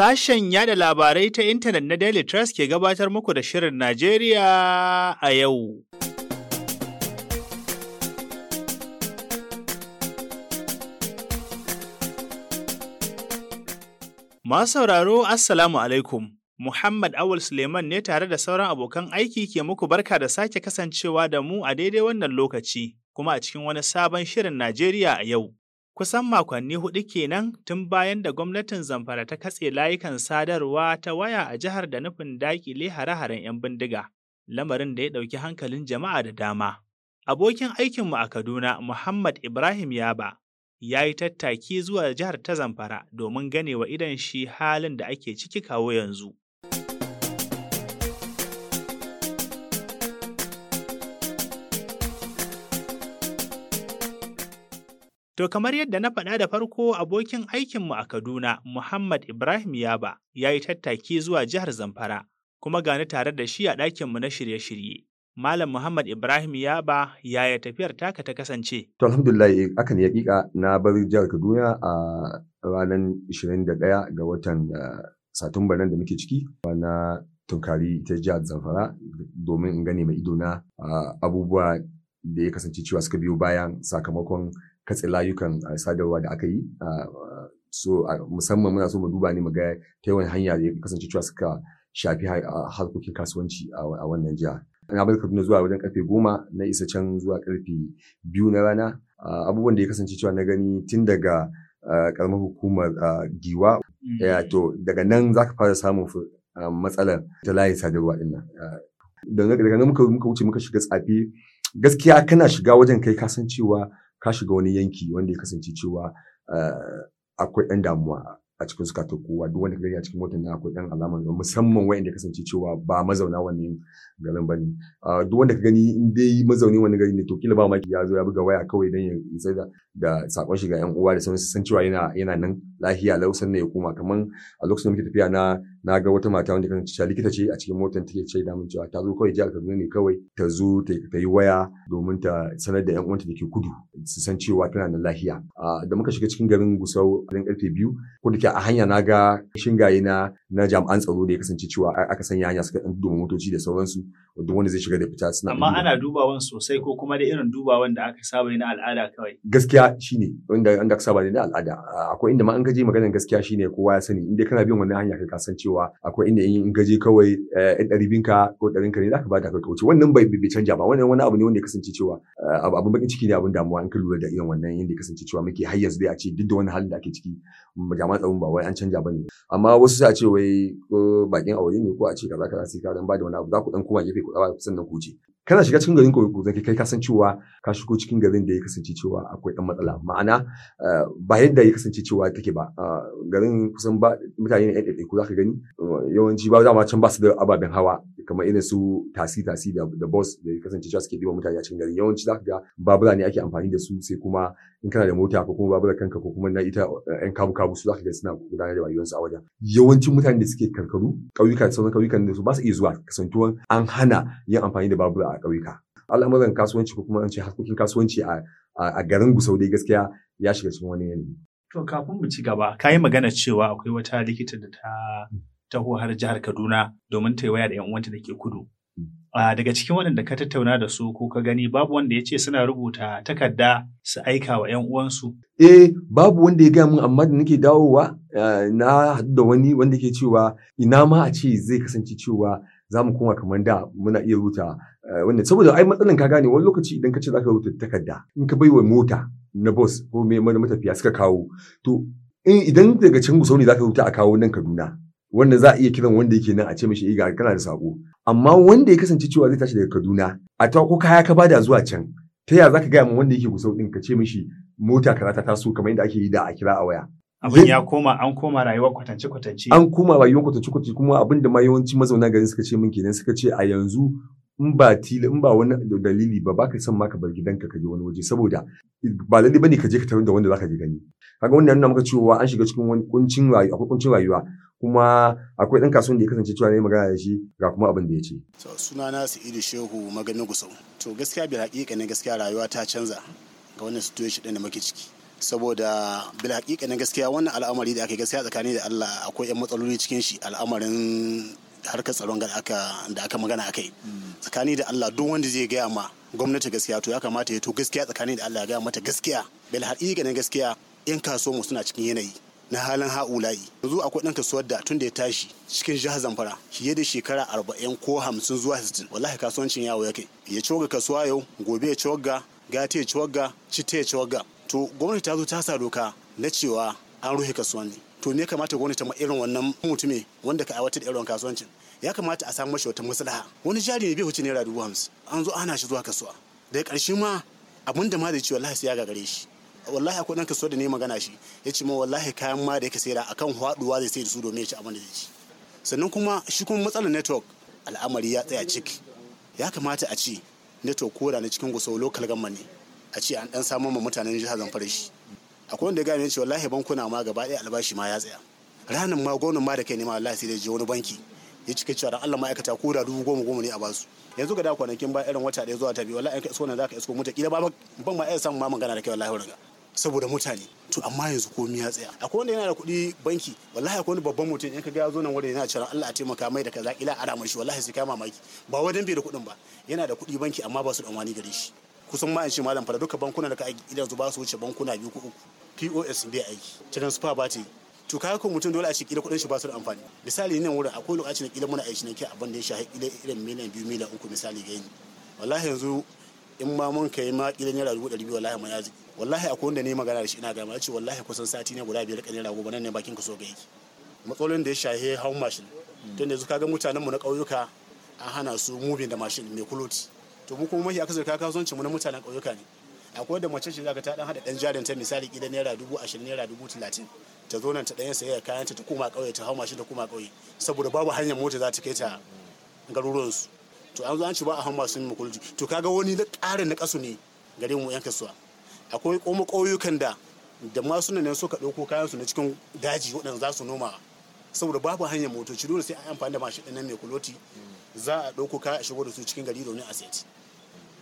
Sashen yada labarai ta intanet na Daily Trust ke gabatar muku da Shirin Najeriya a yau. Masu sauraro, Assalamu alaikum. Muhammad Awul Suleiman ne tare da sauran abokan aiki ke muku barka da sake kasancewa da mu a daidai wannan lokaci, kuma a cikin wani sabon Shirin Najeriya a yau. Kusan makonni hudu kenan tun bayan da gwamnatin Zamfara ta katse layukan sadarwa ta waya a jihar da nufin dakile hare-haren 'yan bindiga, lamarin da ya ɗauki hankalin jama'a da dama. Abokin aikinmu a Kaduna, Muhammad Ibrahim Yaba, ya yi tattaki zuwa jihar ta Zamfara domin ganewa idan shi halin da ake ciki kawo yanzu. To kamar yadda na faɗa da farko abokin aikinmu a Kaduna, Muhammad Ibrahim Yaba, ya yi tattaki zuwa jihar Zamfara, kuma gani tare da shi a ɗakinmu na shirye-shirye. Malam Muhammad Ibrahim Yaba ya yaya tafiyar taka ta kasance? To alhamdulillah akan yaƙiƙa na bar jihar Kaduna a ranar 21 ga watan eh, Satumba nan da muke ciki na tunkari ta jihar Zamfara domin in gane mai idona ah, abubuwa da ya kasance cewa suka biyo bayan sakamakon katse layukan ah, sadarwa da aka yi ah, so ah, musamman muna so mu duba ne mu ga ta yawan hanya da ya kasance cewa suka shafi harkokin kasuwanci a wannan jiha Ina bar kaduna zuwa wajen karfe goma na isa can zuwa karfe biyu na rana abubuwan da ya kasance cewa na gani tun daga karamar hukumar giwa mm. eh, to daga nan za ka fara samun matsalar ta layin sadarwa din nan daga nan muka wuce muka shiga tsafi gaskiya kana shiga wajen kai kasancewa ka shiga wani yanki wanda ya kasance cewa eh, akwai ɗan damuwa a cikin ta kowa duk wanda gani a cikin motar nan akwai ɗan alaman musamman wanda ya kasance cewa ba mazauna wannan garin bane ah, duk wanda ka gani in dai mazauni wani gari ne to kila ba maki ya zo ya buga waya kawai dan ya isa da sakon shiga yan uwa da sauransu san cewa yana yana nan lahiya lau ne ya koma kaman a lokacin da muke tafiya na na ga wata mata wanda kan cewa likita ce a cikin motar take ce da mun cewa ta zo kawai jihar Kaduna ne kawai ta zo ta yi waya domin ta sanar da yan uwanta da ke kudu su san cewa tana nan lahiya da muka shiga cikin garin Gusau a karfe biyu ko da a hanya na ga shingaye na na jami'an tsaro da ya kasance cewa aka sanya hanya suka domin motoci da sauransu duk wanda zai shiga da fita suna amma ana dubawan sosai ko kuma da irin dubawan da aka saba na al'ada kawai gaskiya shine wanda an da saba na al'ada akwai inda ma an gaje maganar gaskiya shine kowa ya sani inda kana bin wannan hanya kai ka san cewa akwai inda in gaje kawai ɗan eh, ɗari binka ko ɗarin ka ne zaka bada ka kauce wannan bai bai canja ba wannan wani abu ne wanda ya kasance cewa eh, abun bakin ciki ne abun damuwa in ka lura da irin wannan inda ya kasance cewa muke har yanzu dai a ce duk da wani halin da ake ciki jama'a tsawon ba wai an canja bane amma wasu sai a ce wai bakin aure ne ko a ce kaza kaza sai ka dan bada wani abu za ku dan koma gefe 老板只能估计。kana shiga cikin garin koyo zaki kai ka san cewa ka shigo cikin garin da ya kasance cewa akwai dan matsala ma'ana eh, ba yadda ya kasance cewa take ba eh, garin kusan ba mutane ne ɗaiɗaiɗai ko zaka gani eh, yawanci ba dama can ba su da ababen hawa kamar irin su tasi tasi da da boss da ya kasance cewa suke diba mutane a cikin garin yawanci zaka ga babura ne ake amfani da su sai kuma in kana da mota ko kuma babura kanka ko kuma na ita yan kabu kabu su zaka ga suna gudanar da rayuwarsu a wajen yawancin mutane da suke karkaru ƙauyuka sauran ƙauyukan da su ba su iya zuwa kasantuwan an hana yin amfani da babura a ƙauyuka al'amuran kasuwanci ko kuma an ce harkokin kasuwanci a garin Gusau dai gaskiya ya shiga cikin wani yanayi to kafin mu ci gaba ka yi magana cewa akwai wata likita da ta mm. taho har jihar Kaduna domin ta yi waya da 'yan uwanta da ke kudu mm. daga cikin waɗanda ka tattauna da su ko ka gani babu wanda ya ce suna rubuta takarda su aika wa 'yan uwansu? Eh, babu wanda ya gaya min amma da nake dawowa eh, na haɗu da wani wanda ke cewa ina ma a ce zai kasance cewa za mu koma kamar da muna iya rubuta Eh, wanda saboda ai matsalan ka gane wani lokaci idan ka ce zaka rubuta takarda in ka baiwa mota na bus ko mana matafiya suka kawo to idan daga can gusau ne zaka rubuta a kawo nan Kaduna wanda za a iya kiran wanda yake nan a ce mishi eh, ga kana da sako amma wanda ya kasance cewa zai tashi daga Kaduna a ta ko kaya ka bada zuwa can ta ya zaka gaya min wanda yake gusau din ka ce mishi mota kaza ta taso kamar yadda ake yi da a kira a waya abin ya koma an koma rayuwar kwatance kwatance an koma rayuwar kwatance kwatance kuma abin da ma yawanci mazauna garin suka ce min kenan suka ce a yanzu in ba tila in ba wani dalili ba baka son ma ka bar gidanka ka je wani waje saboda ba lalle bane ka je ka tarin da wanda zaka je gani kaga wannan nuna maka cewa an shiga cikin wani kuncin rayuwa akwai kuncin rayuwa kuma akwai dan kasuwan da ya kasance cewa ne magana da shi ga kuma abin da ya ce to suna na su idi Shehu maganin Gusau to gaskiya bi hakika ne gaskiya rayuwa ta canza ga wannan situation din da muke ciki saboda bil hakika ne gaskiya wannan al'amari da ake gaskiya tsakani da Allah akwai yan matsaloli cikin shi al'amarin harkar tsaron da aka magana a kai tsakani da Allah duk wanda zai gaya ma gwamnati gaskiya to ya kamata ya to gaskiya tsakani da Allah ya gaya mata gaskiya bil har ganin gaskiya yan mu suna cikin yanayi na halin ha'ulayi yanzu akwai ɗan kasuwar da tun da ya tashi cikin jihar zamfara fiye da shekara arba'in ko hamsin zuwa sittin wallahi kasuwancin yawo ya kai ya coga kasuwa yau gobe ya coga gata ya ciwaga, cita ya coga to gwamnati ta zo ta sa doka na cewa an rufe kasuwanni to ne kamata gwamnati ta irin wannan mutumin wanda ka aiwatar irin kasuwancin ya kamata a samu mashi wata maslaha wani jari ne bai wuce naira dubu hamsin an zo ana shi zuwa kasuwa daga ƙarshe ma abin da ma da ce wallahi sai ya gagare shi wallahi akwai ɗan kasuwa da ne magana shi ya ce ma wallahi kayan ma da yake sayar kan haɗuwa zai sai da su domin ya ci abin da zai ci sannan kuma shi kuma matsalar network al'amari ya tsaya ciki ya kamata a ce network ko na cikin gusau local gamma ne a ce an ɗan samar ma mutanen jihar zamfara shi akwai wanda ya gane cewa wallahi bankuna ma gaba ɗaya albashi ma ya tsaya ranar ma gwamnan ma da kai nema wallahi sai da je wani banki ya cika cewa da Allah ma'aikata ko da dubu goma goma ne a basu yanzu ga da kwanakin ba irin wata ɗaya zuwa ta biyu wallahi an ka iso za zaka isko mutane kila ban ma iya samun ma magana da kai wallahi wurin saboda mutane to amma yanzu komi ya tsaya akwai wanda yana da kuɗi banki wallahi akwai wani babban mutum in ka ga zo nan wurin yana cewa Allah a taimaka mai da kaza kila ara mai shi wallahi sai ka mamaki ba wadan bai da kuɗin ba yana da kuɗi banki amma ba su da amfani gare shi kusan ma in ce malam fara duka bankuna da ka aiki idan zuba su wuce bankuna biyu ko uku POS bai aiki transfer ba ta yi to kaga ko mutum dole a ce kila kudin shi ba su da amfani misali nan wurin akwai lokacin da kila muna aiki ne ke abin da ya shahi kila irin miliyan biyu miliyan uku misali ga ni wallahi yanzu in ma mun kai ma kila naira dubu ɗari biyu wallahi mun yaji wallahi akwai wanda ne magana da shi ina ga ma ce wallahi kusan sati ne guda biyar ka naira goma nan ne bakin ka so ga yake matsalolin da ya shahi hawan mashin tun da yanzu kaga mutanen mu na ƙauyuka an hana su mubin da mashin mai kuloti to mu kuma mafi akasari ka mu na mutanen ƙauyuka ne akwai da mace ce zaka ta dan hada dan jarin ta misali kila naira dubu ashirin naira dubu talatin ta zo nan ta ɗayan sayayya kayan ta ta koma ƙauye ta hau mashin ta koma ƙauye saboda babu hanyar mota za ta kai ta su to an zo an ci ba a hau masu kulji to kaga wani na ƙarin na ƙasu ne gare mu yan kasuwa akwai koma ƙauyukan da da masu nan suka ɗauko kayan su na cikin daji waɗanda za su noma saboda babu hanyar motoci dole sai an amfani da mashin ɗin nan mai kuloti za a ɗauko kaya a shigo da su cikin gari domin a sayar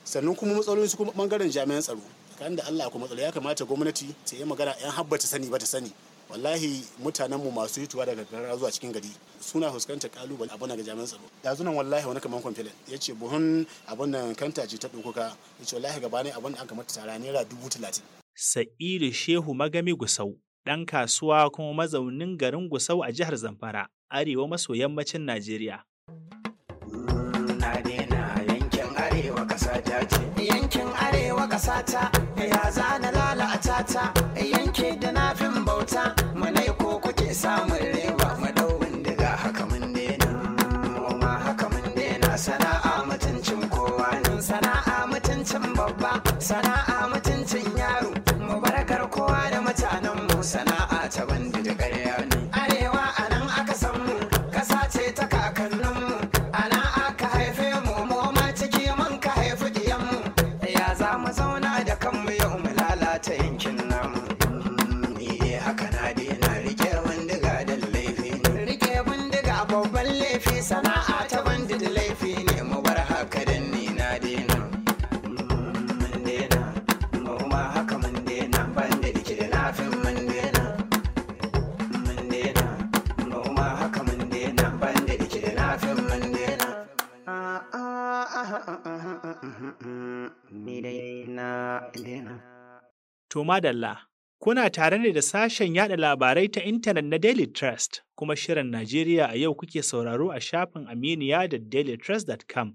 sannan kuma matsalolin su kuma bangaren jami'an tsaro kan da Allah kuma tsaro ya kamata gwamnati ta yi magana yan habba ta sani ba ta sani wallahi mutanen mu masu hituwa daga gara zuwa cikin gari suna fuskantar kalubale abin daga jami'an tsaro da nan wallahi wani kaman kwamfilin ya ce buhun abin nan kanta ce ta dokuka ya ce wallahi gaba ne abin da aka mata tara naira dubu talatin. sairu shehu magami gusau dan kasuwa kuma mazaunin garin gusau a jihar zamfara arewa maso yammacin najeriya. ƙasata ya zana lalata ta yanke da nafin bauta mana ko kuke samun rewa madau bindiga haka mun daina ma haka mun daina sana'a mutuncin kowa sana'a mutuncin babba sana'a haka na daina rike bindiga da laifi ne rike bindiga babban laifi sana'a ta bandit laifi ne mu bar haka dan ni na daina mun mu ma haka bandit mu ma haka ni dai na to madalla Kuna tare ne da sashen yada labarai ta intanet na Daily Trust, kuma Shirin Najeriya a yau kuke sauraro a shafin Aminiya da dailytrust.com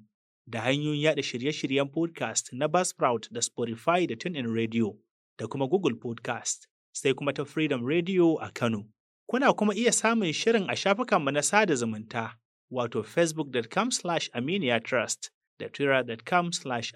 da hanyoyin yada shirye-shiryen podcast na Buzzsprout da Spotify da TuneIn Radio da kuma Google Podcast, sai kuma ta Freedom Radio a Kano. Kuna kuma iya samun shirin a shafukanmu na sada zumunta, wato facebook.com aminiya da twitter.com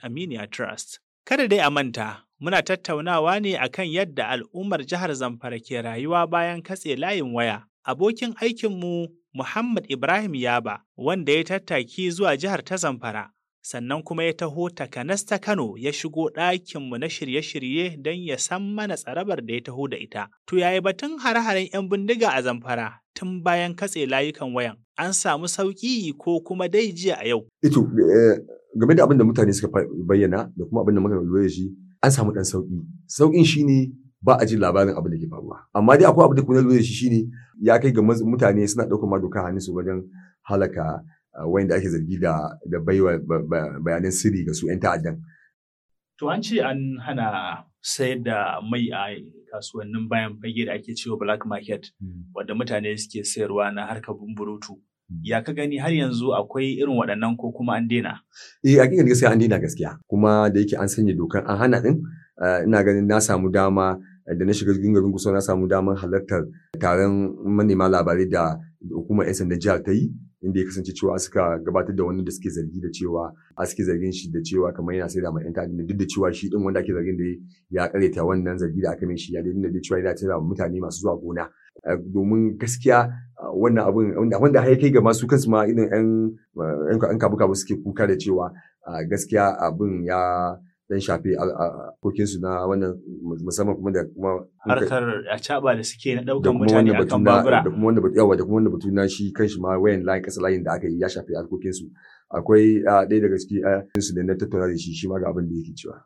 aminiya Kada dai a manta. muna tattaunawa ne akan yadda al'ummar jihar Zamfara ke rayuwa bayan katse layin waya. Abokin aikinmu Muhammad Ibrahim Yaba, wanda ya tattaki zuwa jihar ta Zamfara, sannan kuma ya taho takanas ta Kano ya shigo ɗakinmu na shirye-shirye don ya san mana tsarabar da ya taho da ita. To yayi batun hare-haren 'yan bindiga a Zamfara tun bayan katse layukan wayan. An samu sauƙi ko kuma dai jiya a yau. Ito, eh eh, game da abin da mutane suka bayyana da kuma abin da muka lura shi an samu dan sauki saukin ne ba a jin labarin abin da ke faruwa amma dai akwai abin da kuma lura shi shi ne ya kai ga mutane suna ɗaukar ma doka su wajen halaka ah, wanda ake zargi da da baiwa bayanan sirri ga su 'yan ta'addan. To an ce an hana sayar da mai a kasuwannin bayan fage da ake cewa black market hmm. wanda mutane suke sayarwa na harkar bumburutu. ya ka gani har yanzu akwai irin waɗannan ko kuma an daina? Eh, a gaskiya an daina gaskiya. Kuma da yake an sanya dokar an hana ɗin, eh, ina ganin na samu dama eh, da na shiga garin kusa na samu damar halartar taron manema labarai da hukumar 'yan sanda jihar ta yi. Inda ya kasance cewa suka gabatar da wani da suke zargi da cewa a suke zargin shi da cewa kamar yana sai da mai 'yan ta'adda duk da cewa shi din wanda ake zargin da ya karyata wannan zargi da aka mai shi ya da cewa yana tara mutane masu zuwa gona. Eh, domin gaskiya wannan abin wanda har kai ga masu kansu ma irin yan yan kabu kabu suke kuka da cewa gaskiya abin ya dan shafi kokinsu na wannan musamman kuma da kuma harkar acaba da suke na daukan mutane akan babura da kuma wanda yawa da kuma wanda batu na shi kanshi ma wayan layin kasa layin da aka yi ya shafi harkokinsu akwai ɗaya daga cikin su da na tattauna da shi shi ma ga abin da yake cewa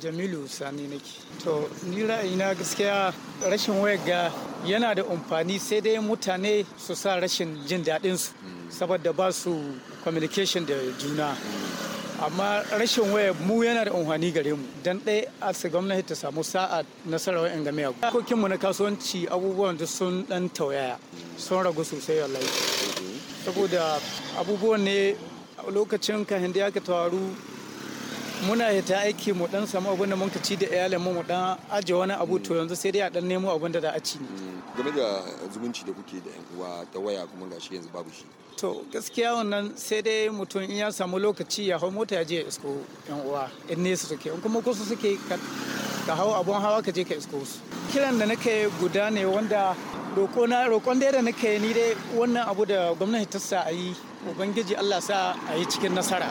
Jamilu Sani nake. To ni ra'ayina gaskiya rashin wayar ga yana da amfani sai dai mutane su sa rashin jin daɗinsu saboda ba su communication da juna. amma rashin waya mu yana da amfani gare mu dan ɗaya a su gwamnati ta samu sa'a nasarar wa'in game mu na kasuwanci abubuwan da sun ɗan tauyaya sun ragu sosai wallahi saboda abubuwan ne lokacin ka da ya ka taru muna ya ta aiki mu dan samu abin da mun ci da iyalan mu dan aje wani abu to yanzu sai dai a dan nemo abin da za a ci ne mm, game da zumunci da kuke da yan uwa ta waya kuma gashi yanzu babu shi to gaskiya wannan sai dai mutum in ya samu lokaci ya hau mota ya je ya isko yan uwa in nesa suke in kuma kusa suke ka hau abun hawa ka je ka isko su kiran da nake guda ne wanda roƙon dai da nake ni dai wannan abu da gwamnati ta sa a yi ubangiji Allah sa a yi cikin nasara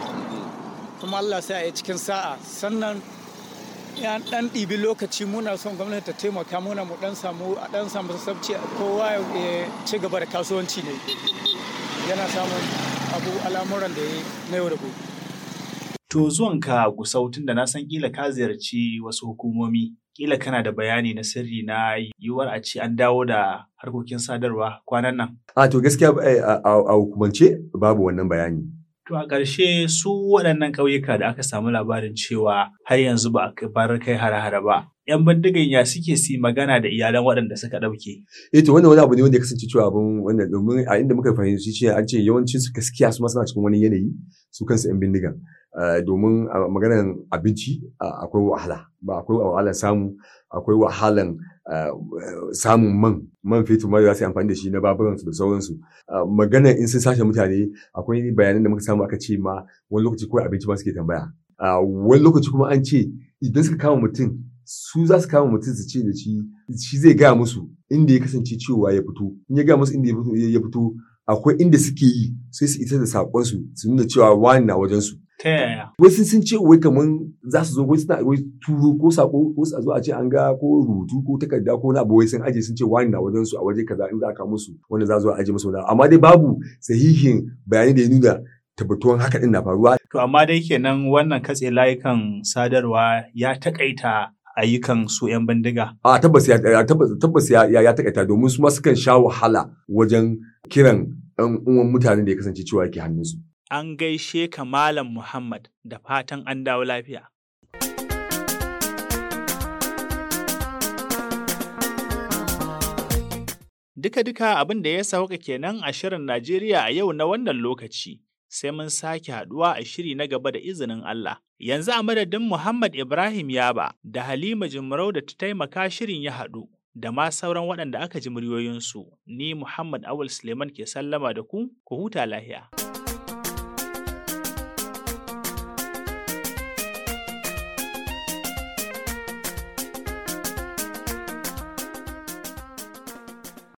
kuma Allah sai ya cikin sa'a sannan ya dan ɗibi lokaci muna son gwamnati ta taimaka muna mu dan samu a dan samu sabci kowa ya ci gaba da kasuwanci ne yana samun abu al'amuran da na yau da gobe. To zuwanka gusau tunda na san kila ka ziyarci wasu hukumomi kila kana da bayani na sirri na yiwuwar a ce an dawo da harkokin sadarwa kwanan nan. A to gaskiya eh, a hukumance babu wannan bayani. To a ƙarshe su waɗannan ƙauyuka da aka samu labarin cewa har yanzu ba a bar kai hare-hare ba. ‘Yan bindigan ya suke si magana da iyalan waɗanda suka ɗauke. Eh to wannan wani abu ne wanda ya kasance cewa abin wannan domin a inda muka fahimci cewa an ce yawancin su gaskiya su ma suna cikin wani yanayi su kansu ‘yan bindigan. Eh, domin a eh, maganar abinci eh, akwai wahala ba akwai wahalan samu akwai wahalan samun man man fetur ma za su yi amfani da shi na baburansu da sauransu maganar in sun sashe mutane akwai bayanan da muka samu aka ce ma wani lokaci kawai abinci ma suke tambaya wani lokaci kuma an ce idan suka kama mutum su za su kama mutum su ce da shi shi zai gaya musu inda ya kasance cewa ya fito in ya gaya musu inda ya fito akwai inda suke yi sai su isa da sakon su su nuna cewa wani na wajen su ta yaya wasu sun ce wai kaman za su zo wai suna wai turo ko sako ko a zo a ce an ga ko rubutu ko takarda ko na wai sun aje sun ce wani na wajen su a waje kaza in za ka musu wanda za zo a aje musu wani amma dai babu sahihin bayanai da ya nuna tabbatuwan haka din na faruwa to amma dai kenan wannan katse layukan sadarwa ya takaita ayyukan su 'yan bindiga? A tabbas ya tabbas domin su ma kan sha wahala wajen kiran ɗan uwan mutane da ya kasance cewa yake hannunsu. An gaishe ka Malam Muhammad da fatan an dawo lafiya. Duka-duka abin da ya sauka kenan a shirin Najeriya a yau na wannan lokaci. sai mun sake haɗuwa a shiri na gaba da izinin Allah. Yanzu a madadin Muhammad Ibrahim Yaba da Halima Jimarau da ta taimaka shirin ya haɗu da ma sauran waɗanda aka ji muryoyinsu, ni Muhammad Awul Suleiman ke sallama da ku, ku huta lahiya.